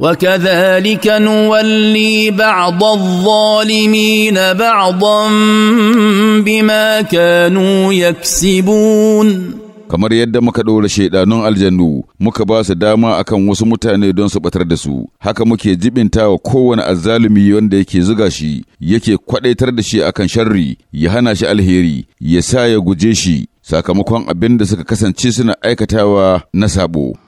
وكذلك نولي بعض الظالمين بعضا بما كانوا يكسبون kamar yadda muka ɗora shaidanun aljannu muka ba su dama akan wasu mutane don su batar da su haka muke jibinta wa kowane azzalumi wanda yake zuga shi yake kwadaitar da shi akan sharri ya hana shi alheri ya sa ya guje shi sakamakon abin da suka kasance suna aikatawa na sabo